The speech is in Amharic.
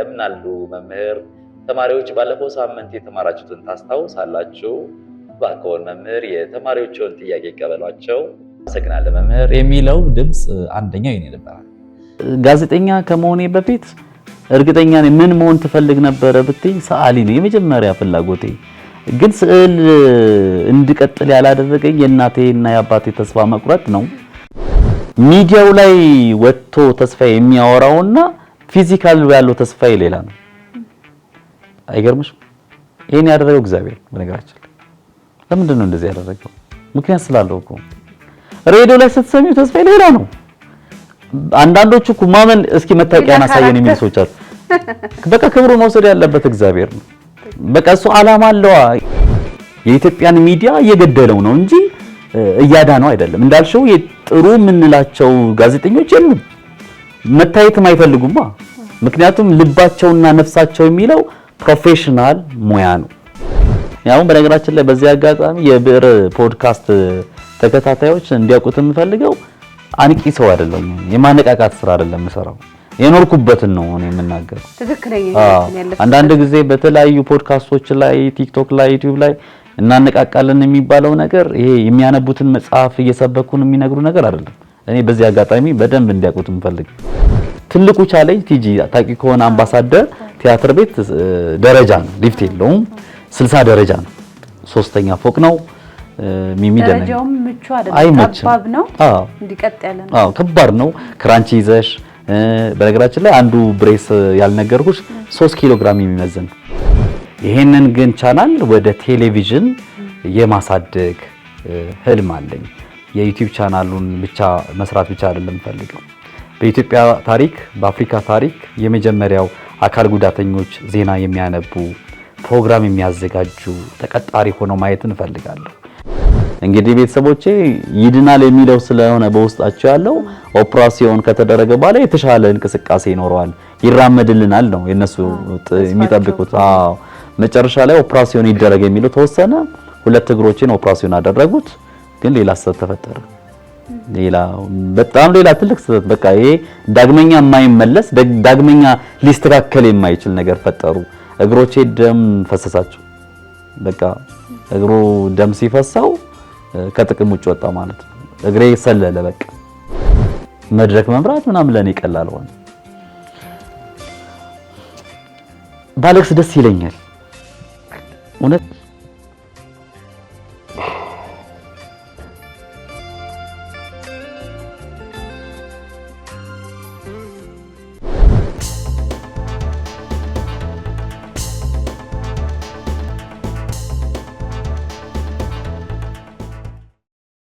እንደምን አሉ መምህር? ተማሪዎች ባለፈው ሳምንት የተማራችሁትን ታስታውሳላችሁ? እባክዎን መምህር የተማሪዎችን ጥያቄ ይቀበሏቸው። አመሰግናለሁ መምህር የሚለው ድምፅ አንደኛው የኔ ነበረ። ጋዜጠኛ ከመሆኔ በፊት እርግጠኛ ነኝ ምን መሆን ትፈልግ ነበረ ብትይ ሰዓሊ ነው የመጀመሪያ ፍላጎቴ። ግን ስዕል እንድቀጥል ያላደረገኝ የእናቴና የአባቴ ተስፋ መቁረጥ ነው። ሚዲያው ላይ ወጥቶ ተስፋ የሚያወራውና ፊዚካል ያለው ተስፋዬ ሌላ ነው። አይገርምሽም? ይሄን ያደረገው እግዚአብሔር በነገራችን ላይ ለምንድን ነው እንደዚህ ያደረገው? ምክንያት ስላለው እኮ ሬዲዮ ላይ ስትሰሚው ተስፋዬ ሌላ ነው። አንዳንዶቹ እኮ ማመን እስኪ መታወቂያን አሳየን የሚል ሰዎች አሉ። በቃ ክብሩ መውሰድ ያለበት እግዚአብሔር ነው። በቃ እሱ ዓላማ አለዋ። የኢትዮጵያን ሚዲያ እየገደለው ነው እንጂ እያዳነው አይደለም። እንዳልሽው ጥሩ የምንላቸው ጋዜጠኞች የሉም። መታየትም አይፈልጉማ። ምክንያቱም ልባቸውና ነፍሳቸው የሚለው ፕሮፌሽናል ሙያ ነው። ያው በነገራችን ላይ በዚህ አጋጣሚ የብዕር ፖድካስት ተከታታዮች እንዲያውቁት የምፈልገው አንቂ ሰው አይደለም፣ የማነቃቃት ስራ አይደለም የምሰራው የኖርኩበትን ነው እኔ የምናገረው። ትክክለኛ አንዳንድ ጊዜ በተለያዩ ፖድካስቶች ላይ፣ ቲክቶክ ላይ፣ ዩቲዩብ ላይ እናነቃቃለን የሚባለው ነገር ይሄ የሚያነቡትን መጽሐፍ እየሰበኩን የሚነግሩ ነገር አይደለም። እኔ በዚህ አጋጣሚ በደንብ እንዲያውቁት የምፈልገው ትልቁ ቻሌንጅ ቲጂ ታቂ ከሆነ አምባሳደር ቲያትር ቤት ደረጃ ነው፣ ሊፍት የለውም። 60 ደረጃ ነው፣ ሶስተኛ ፎቅ ነው። ሚሚ ደረጃውም ምቹ አይደለም፣ ጠባብ ነው። አዎ እንዲቀጥ ያለ ነው። አዎ ከባድ ነው። ክራንች ይዘሽ በነገራችን ላይ አንዱ ብሬስ ያልነገርኩሽ 3 ኪሎ ግራም የሚመዝን ይሄንን ግን ቻናል ወደ ቴሌቪዥን የማሳደግ ህልም አለኝ። የዩቲዩብ ቻናሉን ብቻ መስራት ብቻ አይደለም ፈልገው በኢትዮጵያ ታሪክ በአፍሪካ ታሪክ የመጀመሪያው አካል ጉዳተኞች ዜና የሚያነቡ ፕሮግራም የሚያዘጋጁ ተቀጣሪ ሆኖ ማየት እንፈልጋለሁ። እንግዲህ ቤተሰቦቼ ይድናል የሚለው ስለሆነ በውስጣቸው ያለው ኦፕራሲዮን ከተደረገ በኋላ የተሻለ እንቅስቃሴ ይኖረዋል፣ ይራመድልናል ነው የነሱ የሚጠብቁት። አዎ መጨረሻ ላይ ኦፕራሲዮን ይደረግ የሚለው ተወሰነ። ሁለት እግሮችን ኦፕራሲዮን አደረጉት፣ ግን ሌላ ስህተት ተፈጠረ። ሌላ በጣም ሌላ ትልቅ ስህተት በቃ ይሄ ዳግመኛ የማይመለስ ዳግመኛ ሊስተካከል የማይችል ነገር ፈጠሩ። እግሮቼ ደም ፈሰሳቸው። በቃ እግሩ ደም ሲፈሳው ከጥቅም ውጭ ወጣ ማለት ነው። እግሬ ሰለለ። በቃ መድረክ መምራት ምናምን ለእኔ ቀላል ሆነ። ባለቅስ ደስ ይለኛል እውነት